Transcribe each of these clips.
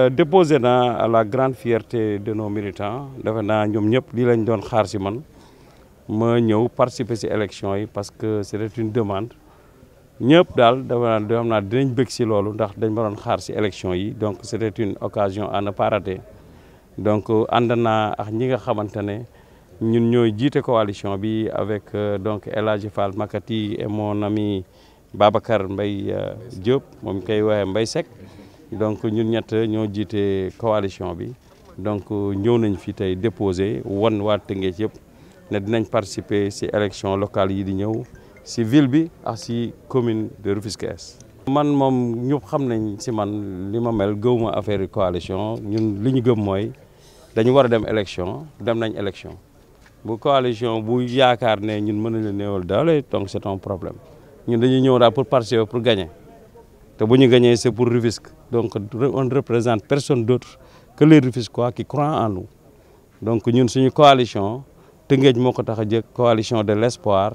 Euh, déposé naa à la grande fierté de nos militants defe naa ñoom ñëpp lii lañ doon xaar ci man ma ñëw participer ci élection yi parce que c'était une demande ñep dal dafa naa xam naa dinañ bëgg ci lolu ndax dañ ma doon xaar ci élection yi donc c'était une occasion à ne pas rater donc andana euh, ak ñi nga xamante ñun ñoy jité coalition bi avec euh, donc El Fall Makati et mon ami Babacar Mbaye Diop mom kay waxee Mbaye Seck donc ñun ñett ñoo jité coalition bi donc ñëw nañ fi tey déposé wan waa Tëngéej yëpp né dinañ participer ci élection locale yi di ñëw ci ville bi ak ci commune de Rufisque Est man mom ñëpp xam nañ ci man lima mel gëwuma affaire coalition ñun liñu gëm moy dañu wara dem élection dem nañ élection bu coalition bu yaakaar né ñun mëna nañ la néewal doole donc c'est un problème ñun dañuy ñëw daal pour participer pour gagner te bu ñu gagné c'est pour Rufisque donc on ne représente personne d'autre que les Rufisquois qui croient en nous donc ñun suñu coalition Tëngéej moo ko tax a coalition de l'espoir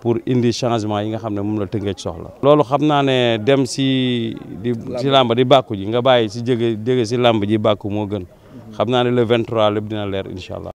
pour indi changement yi nga xam mom moom la Tëngéej soxla. lolu xamna né dem si di si di bakku ji nga bayyi si jege jege si làmb ji bakku mo gën xamna né le 23 lépp dina leer inshallah